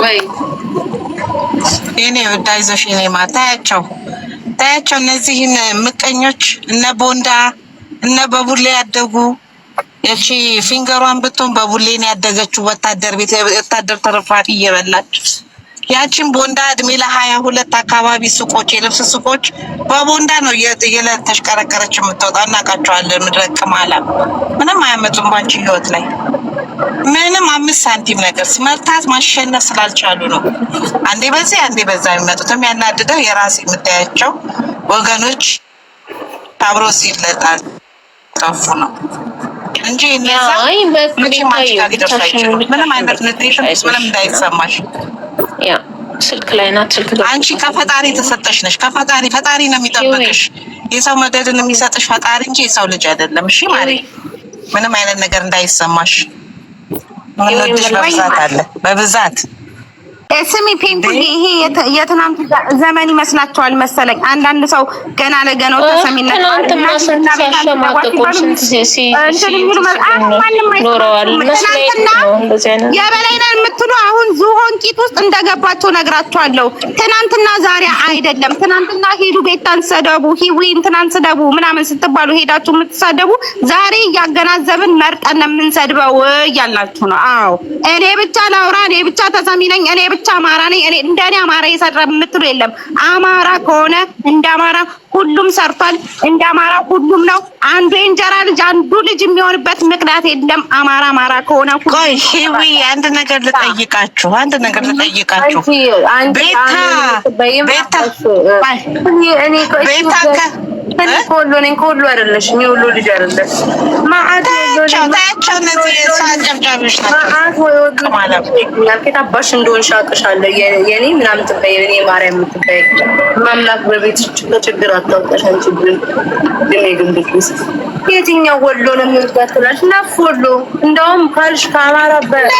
ወይ የኔ ወዳ ይዞሽ ማታ ታያቸው ታያቸው እነዚህን ምቀኞች እነ ቦንዳ እነ በቡሌ ያደጉ ያቺ ፊንገሯን ብትሆን በቡሌን ያደገችው ወታደር ቤት ወታደር ተረፋት እየበላች ያቺን ቦንዳ እድሜ ለሀያ ሁለት አካባቢ ሱቆች የልብስ ሱቆች በቦንዳ ነው የዕለት ተሽቀረቀረች የምትወጣ። እናውቃቸዋለን። ምድረቅ ማላ ምንም አያመጡም ባንቺ ህይወት ላይ ምንም አምስት ሳንቲም ነገር ሲመርታት ማሸነፍ ስላልቻሉ ነው። አንዴ በዚህ አንዴ በዛ የሚመጡት የሚያናድደው የራሴ የምታያቸው ወገኖች አብሮ ሲለጣል ጠፉ ነው እንጂ ምንም አይነት ንዴሽን ምንም እንዳይሰማሽ ስልክ ላይ ናት። ስልክ አንቺ ከፈጣሪ የተሰጠሽ ነሽ። ከፈጣሪ ፈጣሪ ነው የሚጠብቅሽ። የሰው መደድን የሚሰጥሽ ፈጣሪ እንጂ የሰው ልጅ አይደለም። እሺ ማሪ፣ ምንም አይነት ነገር እንዳይሰማሽ የምንወድሽ በብዛት አለ በብዛት ስሚ ፒንኩዬ፣ ይሄ የትናንት ዘመን ይመስላችኋል መሰለኝ። አንዳንድ ሰው ገና ለገናው ተሰሚነት የበላይ ነን የምትሉ አሁን ዝሆን ቂጥ ውስጥ እንደገባቸው ነግራችኋለሁ። ትናንትና ዛሬ አይደለም። ትናንትና ሄዱ ቤታን ሰደቡ፣ ሂዊ እንትናን ስደቡ ምናምን ስትባሉ ሄዳችሁ የምትሳደቡ ዛሬ እያገናዘብን መርጠን የምንሰድበው እያላችሁ ነው። አዎ እኔ ብቻ ላውራ፣ እኔ ብቻ ተሰሚ ነኝ፣ እኔ ብቻ ብቻ አማራ ነኝ እኔ እንደኔ አማራ የሰራ የምትሉ የለም። አማራ ከሆነ እንደ አማራ ሁሉም ሰርቷል። እንደ አማራ ሁሉም ነው። አንዱ የእንጀራ ልጅ አንዱ ልጅ የሚሆንበት ምክንያት የለም። አማራ አማራ ከሆነ ቆይ ሂዊ አንድ ነገር ልጠይቃችሁ፣ አንድ ነገር ልጠይቃችሁ። ቤታ ቤታ አታውቀሽ አንቺ ብለን ግን የግንብት ውስጥ የትኛው ወሎ ነው የምትባት ትላለች። ናፍ ወሎ እንደውም ካልሽ ከአማራ በቤት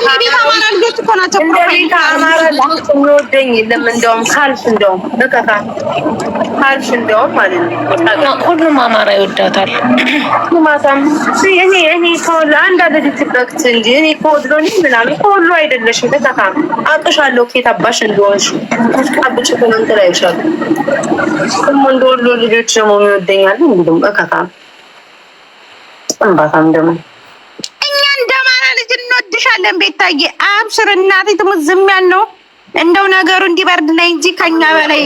አማራ የሚወደኝ የለም። እንደውም ካልሽ እንደውም በከፋ ካልሽ እንደውም ማለት ነው ሁሉም አማራ ይወዳታል። ማታም እኔ እኔ ከወሎ አንድ አለ ልትበክት እንጂ እኔ ከወሎ እኔ ምናምን ከወሎ አይደለሽም። በከፋ አቅሻለሁ። ኬት አባሽ እንደሆንሽ አብጭ ኮመንት ላይ ደግሞ እንደ ወሎ ልጆች ደግሞ የሚወደኛል እንዲሁም በከፋ እምባታም ደግሞ እኛ እንደ አማራ ልጅ እንወድሻለን። ቤታዬ አብሽር እናቴ ትሙት። ዝም ያልነው እንደው ነገሩ እንዲበርድ እንጂ ከኛ በላይ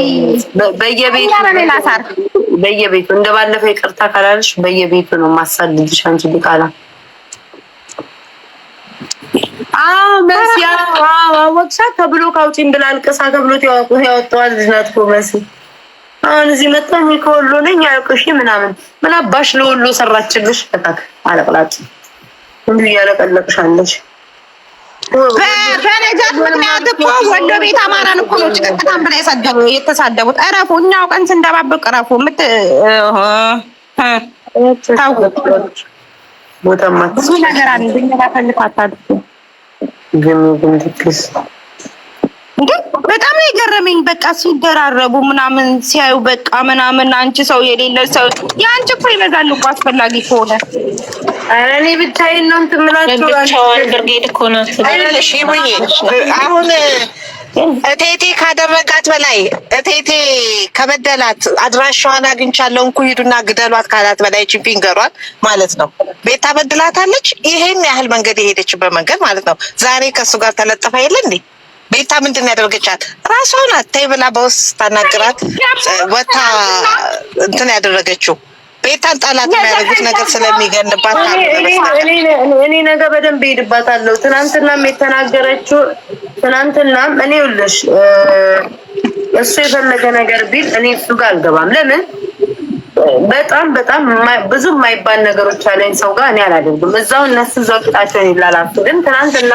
በየቤቱ በየቤቱ እንደ ባለፈው ይቅርታ ካላልሽ በየቤቱ ነው ማሳድድሽ አንቺ ዲቃላ መሲ አወቅሻ ከብሎ ካውጪን ብላ አልቅሳ ከብሎ ያወጣዋል ልጅ ናት እኮ መሲ አሁን እዚህ መጣኝ ከወሎ ነኝ አልኩሽ ምናምን ምን አባሽ ለወሎ ሰራችልሽ? በቃ ምክንያት እኮ ወሎ ቤት አማራን እኮ ነው ጭቅጥታን ብላ የተሳደቡት። እረፉ፣ እኛው ቀን ስንደባብቅ እረፉ። ምት ብዙ ነገር አለ። ግን ግን ትክስ በጣም ነው የገረመኝ። በቃ ሲደራረቡ ምናምን ሲያዩ በቃ ምናምን አንቺ ሰው የሌለ ሰው የአንቺ እኮ ይበዛል እኮ አስፈላጊ ከሆነ ኧረ እኔ ብቻዬን ነው እንትን የምላቸው። ብርጌድ እኮ ናት። አሁን እቴቴ ካደረጋት በላይ እቴቴ ከበደላት አድራሻዋን አግኝቻለሁ እንኩ ሂዱና ግደሏት ካላት በላይ ችግኝ ገሯል ማለት ነው። ቤት በድላታለች። ይሄን ያህል መንገድ የሄደችበት መንገድ ማለት ነው። ዛሬ ከእሱ ጋር ተለጠፈ የለ እንዴ? ቤታ ምንድን ያደረገቻት ራሷን አታይ ብላ በውስጥ ስታናግራት ወታ እንትን ያደረገችው ቤታን ጠላት የሚያደርጉት ነገር ስለሚገንባት እኔ ነገ በደንብ ሄድባታለሁ። ትናንትናም የተናገረችው ትናንትናም እኔ ይኸውልሽ እሱ የፈለገ ነገር ቢል እኔ እሱ ጋር አልገባም። ለምን በጣም በጣም ብዙ የማይባል ነገሮች አለኝ ሰው ጋር እኔ አላደርግም። እዛው እነሱ እዛው ቂጣቸውን ይላላሉ። ግን ትናንትና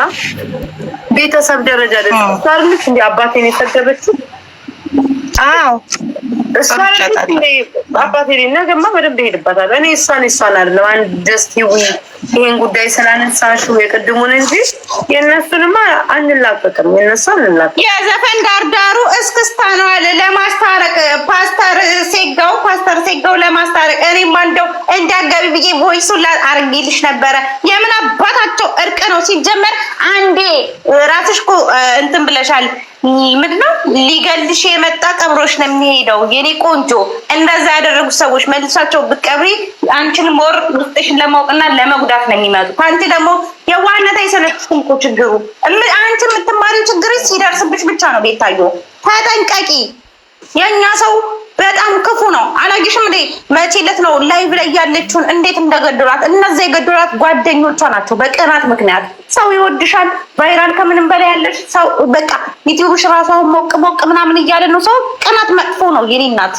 ቤተሰብ ደረጃ ደርሳለች። እንደ አባቴን የሰደበችው አዎ፣ እሷ ነገማ በደንብ ይሄድባታል። እኔ እሷን እሷን አይደለም አንድ ደስቲ ይሄን ጉዳይ ስላነሳሹ የቅድሙን እንጂ የእነሱንማ አንላቀቅም፣ የእነሱ አንላቀቅም። የዘፈን ዳርዳሩ እስክስታ ነው ፓስተር ሴጋው ለማስታረቅ እኔማ እንደው እንዲያገቢ ብዬ ቮይሱን አርጌልሽ ነበረ። የምን አባታቸው እርቅ ነው? ሲጀመር አንዴ ራስሽ እኮ እንትን ብለሻል። ምንድነው ሊገልሽ የመጣ ቀብሮሽ ነው የሚሄደው። የኔ ቆንጆ እንደዛ ያደረጉ ሰዎች መልሳቸው ብቀብሪ አንቺን ሞር ውስጥሽን ለማወቅና ለመጉዳት ነው የሚመጡ አንቺ ደግሞ የዋነታ አይሰለችሽም እኮ ችግሩ። አንቺ የምትማሪው ችግር ሲደርስብሽ ብቻ ነው። ቤታዮ ተጠንቀቂ፣ የእኛ ሰው በጣም ክፉ ነው። አላየሽም እንዴ? መቼ ዕለት ነው ላይቭ ላይ ያለችውን እንዴት እንደገደሏት። እነዚ የገደሏት ጓደኞቿ ናቸው በቅናት ምክንያት። ሰው ይወድሻል፣ ቫይራል ከምንም በላይ ያለሽ ሰው በቃ ዩቲዩብሽ ራሷን ሞቅ ሞቅ ምናምን እያለ ነው ሰው። ቅናት መጥፎ ነው። የኔ እናት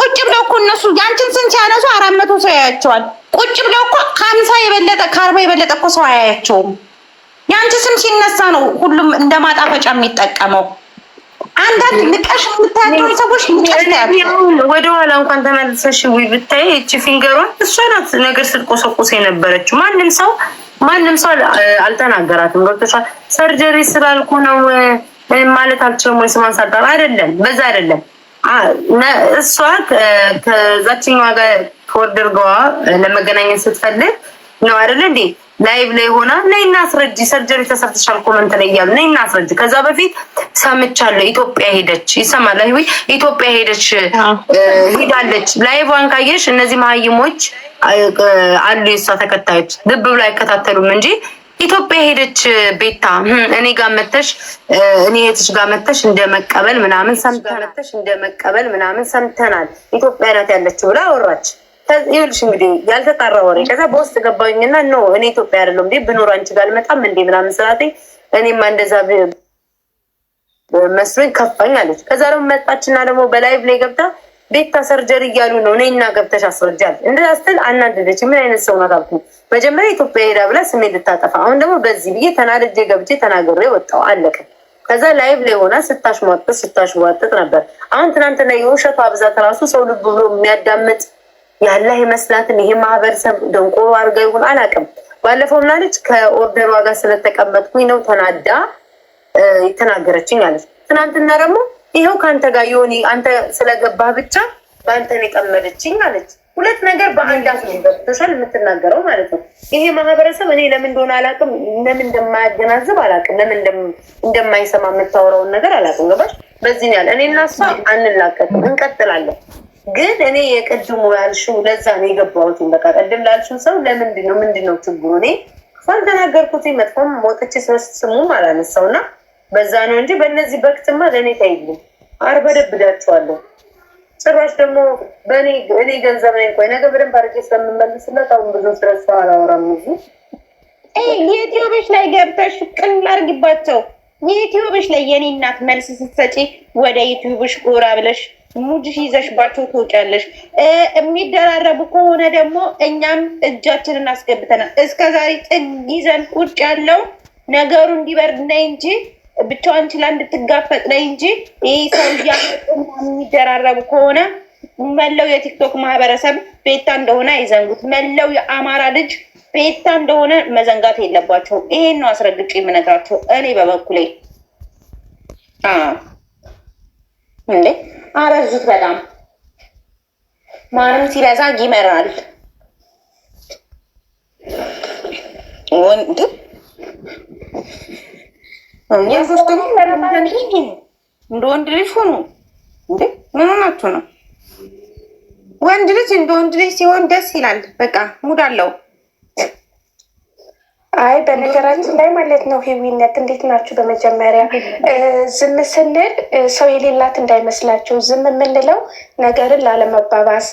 ቁጭ ብለው እኮ እነሱ ያንቺን ስንት ሲያነሱ አራት መቶ ሰው ያያቸዋል። ቁጭ ብለው እኮ ከሀምሳ የበለጠ ከአርባ የበለጠ እኮ ሰው አያያቸውም። ያንቺ ስም ሲነሳ ነው ሁሉም እንደ ማጣፈጫ የሚጠቀመው። አንዳንድ ንቀሽ የምታያቸውን ሰዎች ንቀሽ ወደኋላ እንኳን ተመልሰሽ ውይ ብታይ እቺ ፊንገሯን እሷ ናት ነገር ስትቆሰቁስ የነበረችው። ማንም ሰው ማንም ሰው አልተናገራትም። ገብቶሻል። ሰርጀሪ ስላልኩ ነው ማለት አልችልም ወይ ስማን ሳጠር አይደለም፣ በዛ አይደለም። እሷ ከዛችኛዋ ጋር ከወርደርገዋ ለመገናኘት ስትፈልግ ነው አይደል እንዴ? ላይቭ ላይ ሆና ነይ እናስረጅ፣ ሰርጀሪ ተሰርተሻል ኮመንት ላይ እያሉ ነይ እናስረጅ። ከዛ በፊት ሰምቻለሁ ኢትዮጵያ ሄደች ይሰማል ይ ኢትዮጵያ ሄደች ሄዳለች። ላይቫን ካየሽ እነዚህ መሀይሞች አሉ የእሷ ተከታዮች ግብ ብሎ አይከታተሉም እንጂ ኢትዮጵያ ሄደች ቤታ እኔ ጋር መተሽ እኔ እህትሽ ጋር መተሽ እንደ መቀበል ምናምን ሰምተናል፣ እንደ መቀበል ምናምን ሰምተናል ኢትዮጵያ ናት ያለችው ብላ አወራች። ይኸውልሽ እንግዲህ ያልተጣራ ወሬ። ከዛ በውስጥ ገባኝና ኖ እኔ ኢትዮጵያ አይደለሁም እንዴ ብኖር አንቺ ጋር አልመጣም እንዴ ምናምን ስላተኝ እኔማ እንደዛ መስሎኝ ከፋኝ አለች። ከዛ ደግሞ መጣችና ደግሞ በላይቭ ላይ ገብታ ቤታ ሰርጀሪ እያሉ ነው እኔና ገብተሽ አስረጃል እንደዛ ስትል አናደደች። ምን አይነት ሰው ናት መጀመሪያ ኢትዮጵያ ሄዳ ብላ ስሜ ልታጠፋ፣ አሁን ደግሞ በዚህ ብዬ ተናድጄ ገብቼ ተናግሬ ወጣሁ። አለቀ። ከዛ ላይቭ ላይ ሆና ስታሽሟጥጥ ስታሽሟጥጥ ነበር። አሁን ትናንትና የውሸቷ ብዛት ራሱ ሰው ልብ ብሎ የሚያዳምጥ ያለ ይመስላትም ይህ ማህበረሰብ ደንቆሮ አድርጋ ይሁን አላውቅም። ባለፈው ምናለች ከኦርደሯ ጋር ስለተቀመጥኩኝ ነው ተናዳ የተናገረችኝ አለች። ትናንትና ደግሞ ይኸው ከአንተ ጋር የሆነ አንተ ስለገባ ብቻ በአንተን የቀመደችኝ አለች። ሁለት ነገር በአንድ አስበቶሻል የምትናገረው ማለት ነው። ይሄ ማህበረሰብ እኔ ለምን እንደሆነ አላውቅም፣ ለምን እንደማያገናዝብ አላውቅም፣ ለምን እንደማይሰማ የምታወራውን ነገር አላውቅም። ገባሽ? በዚህ ያህል እኔ እና እሷ አንላቀቅም፣ እንቀጥላለን። ግን እኔ የቅድሙ ላልሽው ለዛ ነው የገባሁትኝ። በቃ ቅድም ላልሽው ሰው ለምንድን ነው ምንድን ነው ችግሩ? እኔ አልተናገርኩትኝ መጥፎም ሞጥቼ ስበስ ስሙም አላነሳው እና በዛ ነው እንጂ በእነዚህ በክትማ ለእኔ ታይልኝ አርበደብዳቸዋለሁ። ጭራሽ ደግሞ እኔ ገንዘብ ነኝ። ቆይ ነገ በደንብ አድርጌ ስለምመልስላት አሁን ብዙ ስለሷ አላወራም እንጂ የኢትዮቤች ላይ ገብተሽ ቅን አድርጊባቸው። የኢትዮቤች ላይ የኔ እናት መልስ ስትሰጪ ወደ ኢትዮቤሽ ጎራ ብለሽ ሙጅሽ ይዘሽባቸው ትውጫለሽ። የሚደራረቡ ከሆነ ደግሞ እኛም እጃችንን አስገብተናል። እስከ ዛሬ ጥግ ይዘን ቁጭ ያለው ነገሩ እንዲበርድ ነይ እንጂ ብቻዋን ችላ እንድትጋፈጥ ነይ እንጂ ይህ ሰው የሚደራረቡ ከሆነ መለው የቲክቶክ ማህበረሰብ ቤታ እንደሆነ አይዘንጉት። መለው የአማራ ልጅ ቤታ እንደሆነ መዘንጋት የለባቸው። ይሄን ነው አስረግጬ የምነግራቸው እኔ በበኩሌ እንዴ አረዙት በጣም ማንም ሲበዛ ይመራል። ወንድ እንደ ወንድ ልጅ ሆኑ እንዴ ምን ነው? ወንድ ልጅ እንደ ወንድ ልጅ ሲሆን ደስ ይላል። በቃ ሙድ አለው። አይ በነገራችን ላይ ማለት ነው ህዊነት እንዴት ናችሁ? በመጀመሪያ ዝም ስንል ሰው የሌላት እንዳይመስላችሁ። ዝም የምንለው ነገርን ላለመባባስ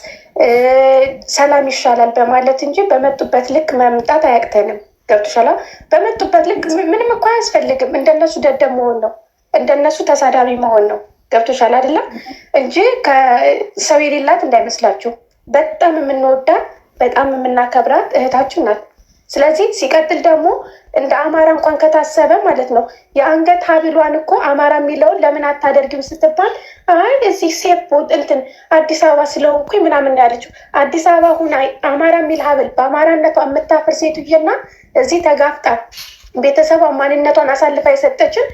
ሰላም ይሻላል በማለት እንጂ በመጡበት ልክ መምጣት አያቅተንም። ገብቶሻል? በመጡበት ልክ ምንም እኮ አያስፈልግም። እንደነሱ ደደብ መሆን ነው፣ እንደነሱ ተሳዳቢ መሆን ነው። ገብቶሻል አይደለም? እንጂ ሰው የሌላት እንዳይመስላችሁ። በጣም የምንወዳት በጣም የምናከብራት እህታችን ናት። ስለዚህ ሲቀጥል ደግሞ እንደ አማራ እንኳን ከታሰበ ማለት ነው የአንገት ሀብሏን እኮ አማራ የሚለውን ለምን አታደርግም ስትባል አይ እዚህ ሴፍ እንትን አዲስ አበባ ስለሆንኩ ምናምን ያለችው አዲስ አበባ ሁን አማራ የሚል ሀብል በአማራነቷ የምታፍር ሴትዬና እዚህ ተጋፍጣ ቤተሰቧ ማንነቷን አሳልፋ የሰጠችን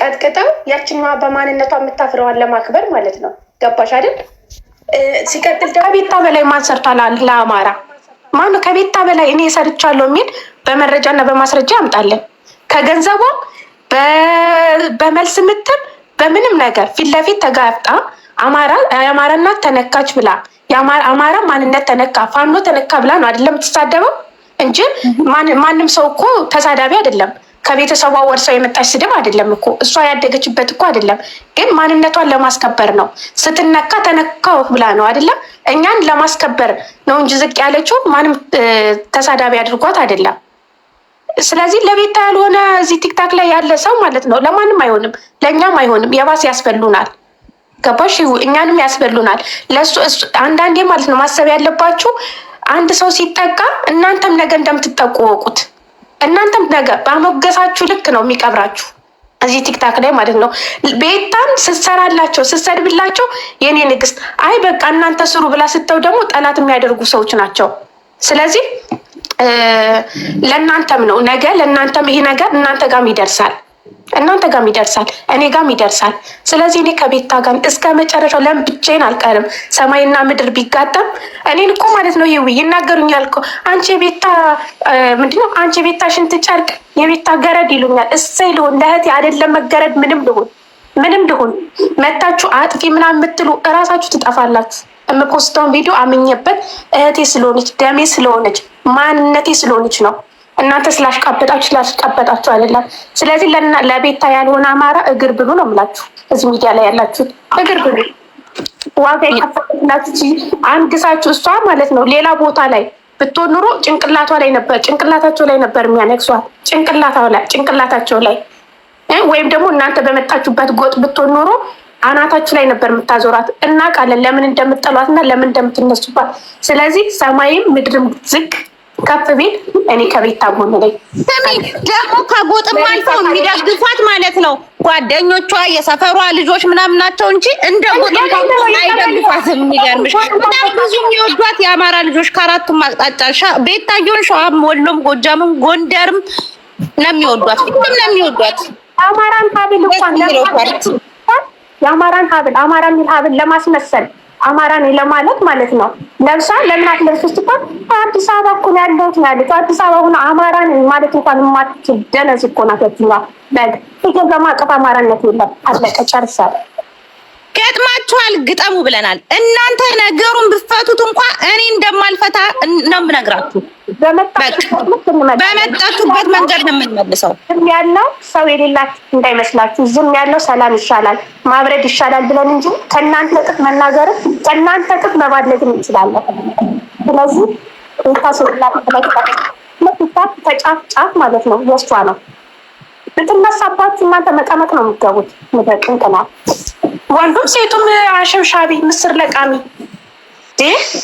ቀጥቅጠው ያችኛዋ በማንነቷ የምታፍረዋን ለማክበር ማለት ነው። ገባሽ አይደል? ሲቀጥል ደግሞ ቤታ በላይ ማን ሰርቷል ለአማራ ማነው ከቤታ በላይ እኔ ሰርቻለሁ የሚል በመረጃና በማስረጃ ያምጣለን። ከገንዘቧም በመልስ ምትም በምንም ነገር ፊት ለፊት ተጋፍጣ የአማራና ተነካች ብላ የአማራ ማንነት ተነካ ፋኖ ተነካ ብላ ነው አይደለም የምትሳደበው እንጂ ማንም ሰው እኮ ተሳዳቢ አይደለም። ከቤተሰቧ ወርሰው የመጣች ስድብ አይደለም እኮ እሷ ያደገችበት እኮ አይደለም። ግን ማንነቷን ለማስከበር ነው። ስትነካ ተነካው ብላ ነው አይደለም። እኛን ለማስከበር ነው እንጂ ዝቅ ያለችው ማንም ተሳዳቢ አድርጓት አይደለም። ስለዚህ ለቤታ ያልሆነ እዚህ ቲክታክ ላይ ያለ ሰው ማለት ነው ለማንም አይሆንም፣ ለእኛም አይሆንም። የባስ ያስበሉናል። ገባሽ? እኛንም ያስበሉናል። ለሱ አንዳንዴ ማለት ነው ማሰብ ያለባችሁ አንድ ሰው ሲጠቃ እናንተም ነገ እንደምትጠቁ ወቁት። እናንተም ነገ ባሞገሳችሁ ልክ ነው የሚቀብራችሁ። እዚህ ቲክታክ ላይ ማለት ነው። ቤታን ስትሰራላቸው ስትሰድብላቸው የኔ ንግስት አይ በቃ እናንተ ስሩ ብላ ስተው ደግሞ ጠላት የሚያደርጉ ሰዎች ናቸው። ስለዚህ ለእናንተም ነው ነገ ለእናንተም ይሄ ነገር እናንተ ጋርም ይደርሳል። እናንተ ጋም ይደርሳል፣ እኔ ጋም ይደርሳል። ስለዚህ እኔ ከቤታ ጋር እስከ መጨረሻው ለምን ብቻዬን አልቀርም? ሰማይና ምድር ቢጋጠም እኔን እኮ ማለት ነው ይው ይናገሩኛል እኮ አንቺ የቤታ ምንድነው አንቺ የቤታ ሽንት ጨርቅ፣ የቤታ ገረድ ይሉኛል። እሰይ ልሆን ለእህቴ አይደለም መገረድ፣ ምንም ልሆን ምንም ልሆን መታችሁ አጥፊ ምናምን የምትሉ እራሳችሁ ትጠፋላችሁ። የምፖስተውን ቪዲዮ አምኜበት እህቴ ስለሆነች ደሜ ስለሆነች ማንነቴ ስለሆነች ነው። እናንተ ስላሽቃበጣችሁ ስላሽቃበጣችሁ አይደለም። ስለዚህ ለቤታ ያልሆነ አማራ እግር ብሉ ነው የምላችሁ። እዚህ ሚዲያ ላይ ያላችሁት እግር ብሉ፣ ዋጋ የከፈላችሁ አንግሳችሁ። እሷ ማለት ነው ሌላ ቦታ ላይ ብትሆን ኑሮ ጭንቅላቷ ላይ ነበር ጭንቅላታቸው ላይ ነበር የሚያነግሷት ጭንቅላታቸው ላይ ወይም ደግሞ እናንተ በመጣችሁበት ጎጥ ብትሆን ኖሮ አናታችሁ ላይ ነበር የምታዞራት። እናውቃለን ለምን እንደምትጠሏት እና ለምን እንደምትነሱባት። ስለዚህ ሰማይም ምድርም ዝቅ ከፍ ቤት እኔ ከቤት ታጎን ላይ ደግሞ ከጎጥም አልፎ የሚደግፏት ማለት ነው ጓደኞቿ የሰፈሯ ልጆች ምናምን ናቸው እንጂ እንደ ጎጥም አይደግፏትም። የሚገርምሽ በጣም ብዙ የሚወዷት የአማራ ልጆች ከአራቱም አቅጣጫ ቤታየውን ሸዋም፣ ወሎም፣ ጎጃምም ጎንደርም ለሚወዷት ሁሉም ለሚወዷት የአማራን ሀብል የአማራን ሀብል አማራ የሚል ሀብል ለማስመሰል አማራ ነኝ ለማለት ማለት ነው። ለብሳ ለምን አትለብሱ ስትባል አዲስ አበባ እኮ ነው ያለሁት ነው ያለችው። አዲስ አበባ ሆነ አማራ ነኝ ማለት እንኳን የማትደነዝ እኮ ናት። በግ ፍቅር በማቀፍ አማራነት የለም። አለቀ ጨርሳለሁ። ገጥማችኋል፣ ግጠሙ ብለናል። እናንተ ነገሩን ብፈቱት እንኳ እኔ እንደማልፈታ ነው የምነግራችሁ። በመጣችሁበት መንገድ ነው የምንመልሰው። ዝም ያለው ሰው የሌላት እንዳይመስላችሁ። ዝም ያለው ሰላም ይሻላል፣ ማብረድ ይሻላል ብለን እንጂ ከእናንተ ጥቅ መናገርም ከእናንተ ጥቅ መባለግም እንችላለን። ስለዚህ ታስወላለት ተጫፍ ጫፍ ማለት ነው የእሷ ነው ብትነሳባችሁ እናንተ መቀመቅ ነው የሚገቡት ምደቅንቅናል ወንዱም ሴቱም አሸብሻቢ ምስር ለቃሚ።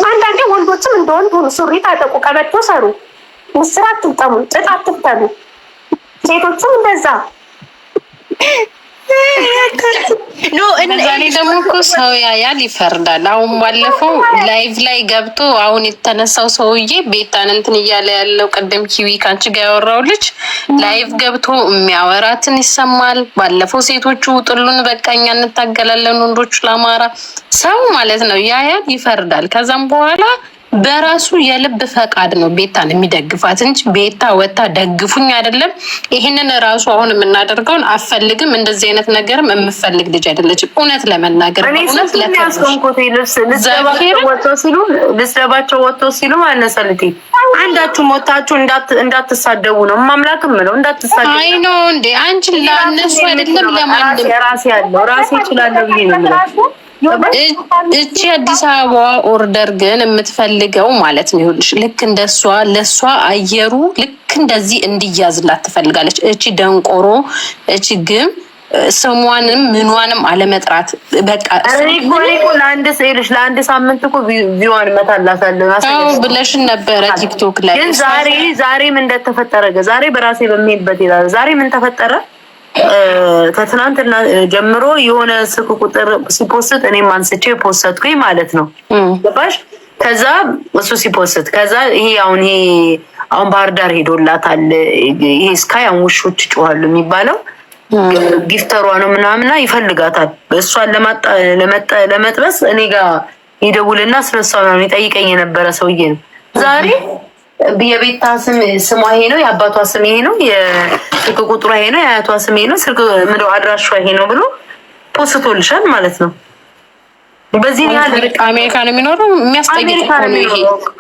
አንዳንዴ ወንዶችም እንደወንድ ሁኑ፣ ሱሪ ታጠቁ፣ ቀበቶ ሰሩ፣ ምስር አትጠሙ ጥጥ አትብጠሉ። ሴቶቹም እንደዛ እኔ ደግሞ እኮ ሰው ያያል ይፈርዳል። አሁን ባለፈው ላይቭ ላይ ገብቶ አሁን የተነሳው ሰውዬ ቤታን እንትን እያለ ያለው ቅድም ኪዊ ከአንቺ ጋር ያወራው ልጅ ላይቭ ገብቶ የሚያወራትን ይሰማል። ባለፈው ሴቶቹ ውጥሉን በቃ እኛ እንታገላለን ወንዶቹ ለአማራ ሰው ማለት ነው ያያል ይፈርዳል። ከዛም በኋላ በራሱ የልብ ፈቃድ ነው ቤታን የሚደግፋት እንጂ ቤታ ወታ ደግፉኝ አይደለም። ይህንን ራሱ አሁን የምናደርገውን አፈልግም። እንደዚህ አይነት ነገርም የምፈልግ ልጅ አይደለችም። እውነት ለመናገር ልስደባቸው ወጥቶ ሲሉ አነሰልቴ አንዳችሁም ወታችሁ እንዳትሳደቡ ነው ማምላክ ምለው እንዳትሳደቡ። አይ ነው እንዴ አንቺ ለእነሱ አይደለም ለማንም ራሴ ያለው ራሴ ይችላለሁ ብዬ ነው እቺ አዲስ አበባ ኦርደር ግን የምትፈልገው ማለት ነው። ይሁንሽ፣ ልክ እንደሷ ለሷ አየሩ ልክ እንደዚህ እንዲያዝላት ትፈልጋለች። እቺ ደንቆሮ፣ እቺ ግም ስሟንም ምኗንም አለመጥራት በቃ ለአንድ ስልሽ ለአንድ ሳምንት እኮ ቪዋን መታላሳለሁ ብለሽን ነበረ ቲክቶክ ላይ። ግን ዛሬ ዛሬ ምን እንደተፈጠረ ዛሬ በራሴ በሚሄድበት ይላል። ዛሬ ምን ተፈጠረ? ከትናንትና ጀምሮ የሆነ ስልክ ቁጥር ሲፖስት እኔም አንስቼው የፖስትኩኝ ማለት ነው ገባሽ? ከዛ እሱ ሲፖስት ከዛ ይሄ አሁን ይሄ አሁን ባህር ዳር ሄዶላታል ይሄ እስካ ያን ውሾች ጮኋሉ የሚባለው ጊፍተሯ ነው ምናምና ይፈልጋታል። እሷን ለመጥበስ እኔ ጋር ይደውልና ስለሷ ነው ይጠይቀኝ የነበረ ሰውዬ ነው ዛሬ የቤታ ስሟ ይሄ ነው፣ የአባቷ ስም ይሄ ነው፣ የስልክ ቁጥሯ ይሄ ነው፣ የአያቷ ስም ይሄ ነው፣ ስልክ ምደው አድራሿ ይሄ ነው ብሎ ፖስቶልሻል ማለት ነው። በዚህ ያህል አሜሪካ ነው የሚኖረው የሚያስጠይቅ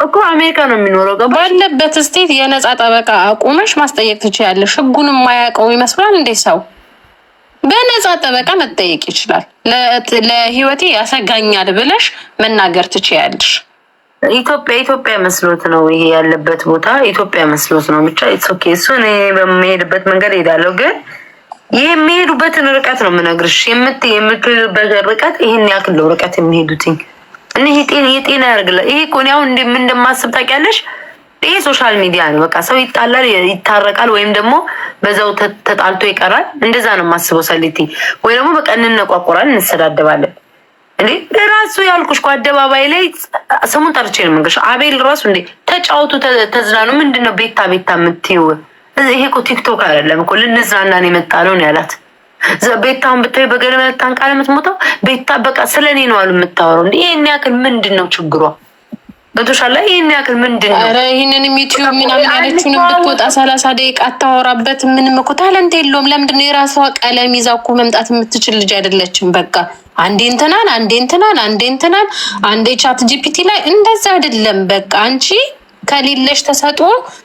እኮ አሜሪካ ነው የሚኖረው ባለበት ስቴት የነጻ ጠበቃ አቁመሽ ማስጠየቅ ትችያለሽ። ህጉን የማያውቀው ይመስላል እንዴ ሰው በነጻ ጠበቃ መጠየቅ ይችላል። ለህይወቴ ያሰጋኛል ብለሽ መናገር ትችያለሽ። ኢትዮጵያ ኢትዮጵያ መስሎት ነው ይሄ ያለበት ቦታ ኢትዮጵያ መስሎት ነው። ብቻ ኢትስ ኦኬ፣ እሱ እኔ በሚሄድበት መንገድ ሄዳለሁ። ግን ይህ የሚሄዱበትን ርቀት ነው የምነግርሽ። የምት የምትሄዱበት ርቀት ይህን ያክል ነው ርቀት የሚሄዱትኝ እኒህ ጤና የጤና ያደርግላ ይሄ እኮ እኔ አሁን ምን እንደማስብ ታውቂያለሽ? ይሄ ሶሻል ሚዲያ ነው። በቃ ሰው ይጣላል፣ ይታረቃል፣ ወይም ደግሞ በዛው ተጣልቶ ይቀራል። እንደዛ ነው የማስበው ሰሊቲ። ወይ ደግሞ በቃ እንነቋቁራል፣ እንሰዳደባለን እንዴ ራሱ ያልኩሽ እኮ አደባባይ ላይ ስሙን ጠርቼ ነው መንገርሽ። አቤል ራሱ እንዴ ተጫውቱ ተዝናኑ። ምንድን ነው ቤታ ቤታ የምትይው? ይሄ እኮ ቲክቶክ አይደለም እኮ ልንዝናናን የመጣ ነው ያላት። ቤታውን ብታይ በገለመታን ቃል የምትሞተው ቤታ በቃ ስለ እኔ ነው አሉ የምታወራው። እንዴ ይሄን ያክል ምንድን ነው ችግሯ? በቶሻል ላይ ይህን ያክል ምንድን ነው? ኧረ ይህንንም ዩቲዩብ ምናምን ያለችውንም ብትወጣ ሰላሳ ደቂቃ አታወራበት። ምንም እኮ ታለንት የለውም። ለምንድነው የራሷ ቀለም ይዛ እኮ መምጣት የምትችል ልጅ አይደለችም። በቃ አንዴ እንትናን አንዴ እንትናን አንዴ እንትናን አንዴ ቻት ጂፒቲ ላይ እንደዛ አይደለም። በቃ አንቺ ከሌለሽ ተሰጦ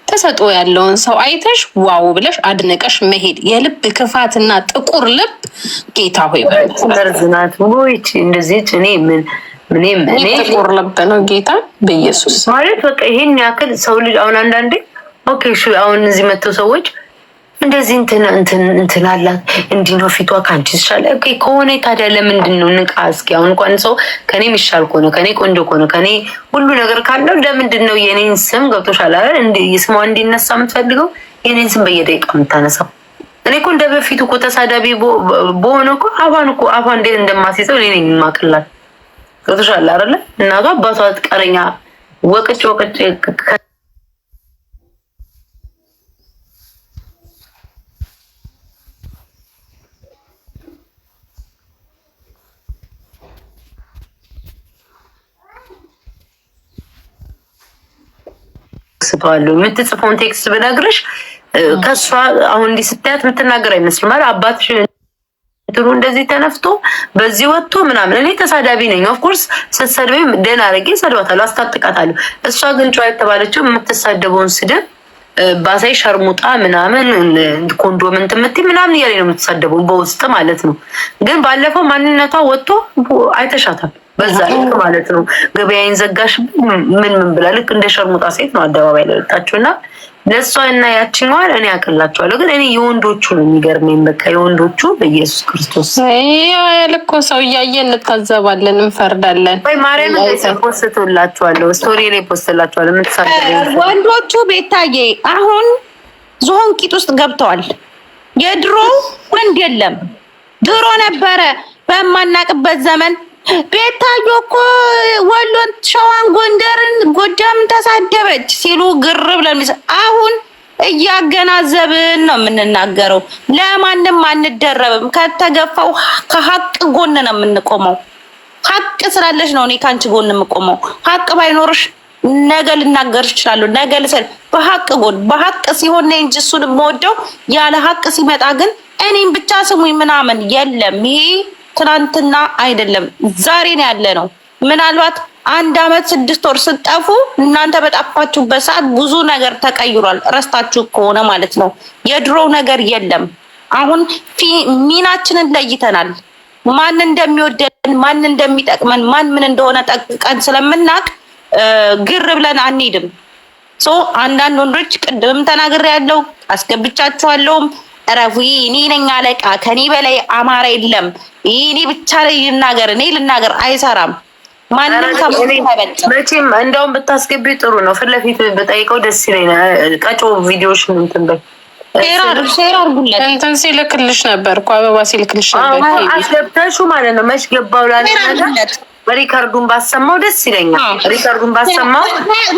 ተሰጦ ያለውን ሰው አይተሽ ዋው ብለሽ አድነቀሽ መሄድ የልብ ክፋት እና ጥቁር ልብ ጌታ ሆይ በርዝናት ሆይች እንደዚህ ጭኔ ምን ጥቁር ልብ ነው ጌታ በኢየሱስ ማለት በቃ ይሄን ያክል ሰው ልጅ አሁን አንዳንዴ ኦኬ እሺ፣ አሁን እዚህ መጥተው ሰዎች እንደዚህ እንትን እንትን እንትን አላት እንዲህ ነው ፊቷ ከአንቺ ይሻል ከሆነ ታዲያ ለምንድን ነው ንቃ እስኪ አሁን እንኳን ሰው ከኔ የሚሻል ከሆነ ከኔ ቆንጆ ከሆነ ከኔ ሁሉ ነገር ካለው ለምንድን ነው የኔን ስም ገብቶሻል አይደል ስሟ እንዲነሳ የምትፈልገው የኔን ስም በየደቂቃ የምታነሳው እኔ እኮ እንደ በፊቱ እኮ ተሳዳቢ በሆነ እኮ አፏን እኮ እንዴት እንደማስይዘው እኔ ነኝ የማቅላት ገብቶሻል አይደለ? እናቷ አባቷ ቀረኛ ወቅጭ ወቅጭ ስተዋሉ የምትጽፈውን ቴክስት ብነግርሽ ከእሷ አሁን እንዲህ ስታያት የምትናገር አይመስልም ማለት አባትሽ እንትኑ እንደዚህ ተነፍቶ በዚህ ወጥቶ ምናምን። እኔ ተሳዳቢ ነኝ። ኦፍኮርስ ስትሰድበኝ ደህና አድርጌ ሰድባታለሁ፣ አስታጥቃታለሁ። እሷ ግን ጨዋ የተባለችው የምትሳደበውን ስድብ ባሳይ ሸርሙጣ ምናምን ኮንዶም እንትን የምትይ ምናምን እያለኝ ነው የምትሳደበው፣ በውስጥ ማለት ነው። ግን ባለፈው ማንነቷ ወጥቶ አይተሻታል። በዛ ልክ ማለት ነው። ገበያዬን ዘጋሽ ምን ምን ብላ ልክ እንደ ሸርሙጣ ሴት ነው አደባባይ ላይ እና ለእሷ እና ያችኛዋል እኔ ያቀላችኋለሁ። ግን እኔ የወንዶቹ ነው የሚገርመኝ። በቃ የወንዶቹ በኢየሱስ ክርስቶስ ልኮ ሰው እያየን እንታዘባለን፣ እንፈርዳለን። ወይ ማርያም ፖስትላቸዋለሁ፣ ስቶሪ ላይ ፖስትላችኋለሁ። ምትሳ ወንዶቹ ቤታዬ አሁን ዝሆን ቂጥ ውስጥ ገብተዋል። የድሮ ወንድ የለም። ድሮ ነበረ በማናቅበት ዘመን ቤታዮ እኮ ወሎን፣ ሸዋን፣ ጎንደርን፣ ጎጃምን ተሳደበች ሲሉ ግር ብለን አሁን እያገናዘብን ነው የምንናገረው። ለማንም አንደረብም። ከተገፋው ከሀቅ ጎን ነው የምንቆመው። ሀቅ ስላለች ነው እኔ ከአንቺ ጎን የምቆመው። ሀቅ ባይኖርሽ ነገ ልናገር ይችላሉ። ነገ ልሰል በሀቅ ጎን በሀቅ ሲሆን ነው እንጂ እሱን የምወደው ያለ ሀቅ ሲመጣ ግን እኔም ብቻ ስሙኝ ምናምን የለም ይሄ ትናንትና አይደለም ዛሬ ነው ያለ ነው። ምናልባት አንድ አመት ስድስት ወር ስጠፉ እናንተ በጣፋችሁበት ሰዓት ብዙ ነገር ተቀይሯል። ረስታችሁ ከሆነ ማለት ነው የድሮው ነገር የለም። አሁን ሚናችንን ለይተናል። ማን እንደሚወደን ማን እንደሚጠቅመን ማን ምን እንደሆነ ጠቅቀን ስለምናቅ ግር ብለን አንሄድም። ሶ አንዳንድ ወንዶች ቅድምም ተናግሬ ያለው አስገብቻችኋለውም እረፉ። እኔ ነኝ አለቃ፣ ከኔ በላይ አማራ የለም። እኔ ብቻ ላይ ልናገር፣ እኔ ልናገር። አይሰራም። ማንም መቼም እንደውም ብታስገቢ ጥሩ ነው። ፊት ለፊት በጠይቀው ደስ ይለኛል። ቀጮ ቪዲዮሽ እንትን በይ ሼር አድርጉለት። እንትን ሲልክልሽ ነበር እኮ አበባ ሲልክልሽ ነበር። አስገብተሹ ማለት ነው። መች ገባው ላለት ሪከርዱን ባሰማው ደስ ይለኛል። ሪከርዱን ባሰማው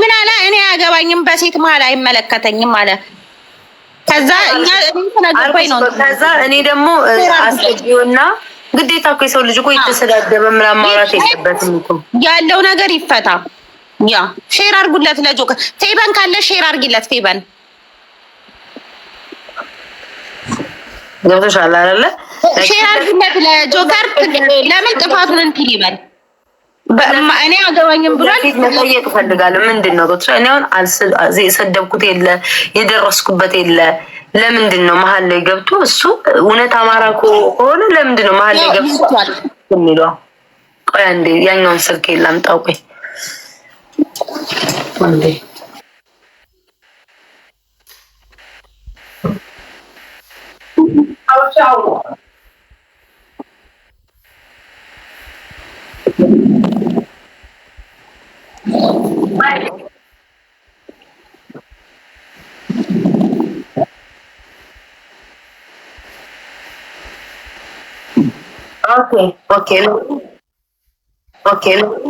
ምን አለ እኔ አያገባኝም፣ በሴት መሀል አይመለከተኝም አለ ከዛ እኛ እኔ ደግሞ አስገቢውና ግዴታ እኮ የሰው ልጅ እኮ የተሰዳደበ ምናምን ማውራት የለበትም እኮ ያለው ነገር ይፈታ። ያ ሼር አርጉለት ለጆከ ፌበን ካለ ሼር አርጊለት ፌበን ገብቶሻል አይደለ? ሼር አርጉለት ለጆከር ለምን ጥፋቱን እንትን ይበል እኔ አገባኝም ብሏል። መጠየቅ እፈልጋለሁ። ምንድን ነው ቶትሻ? እኔ አሁን የሰደብኩት የለ የደረስኩበት የለ ለምንድን ነው መሀል ላይ ገብቶ እሱ እውነት አማራ ከሆነ ለምንድን ነው መሀል ላይ ገብቶ የሚለው? ቆይ አንዴ ያኛውን ስልክ የለም ጣውቆኝ አንዴ Ok, ok, ok.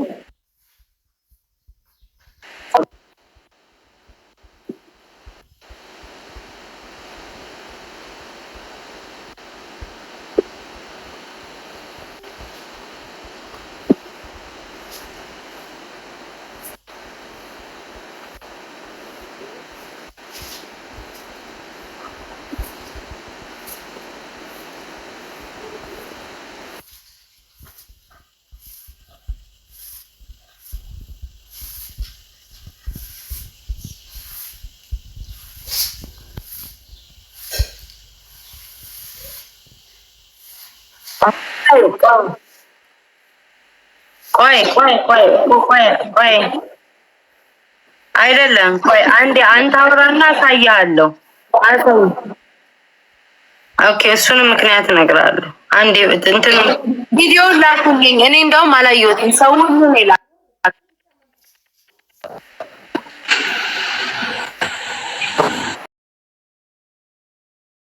ቆይ ቆይ ቆይ ቆይ ቆይ አይደለም፣ ቆይ አንዴ አንተ አውራና አሳያለሁ። ኦኬ፣ እሱንም ምክንያት እነግራለሁ። አንዴ እንትን ቪዲዮውን ላኩልኝ። እኔ እንደውም አላየሁትም። ሰው ሁሉ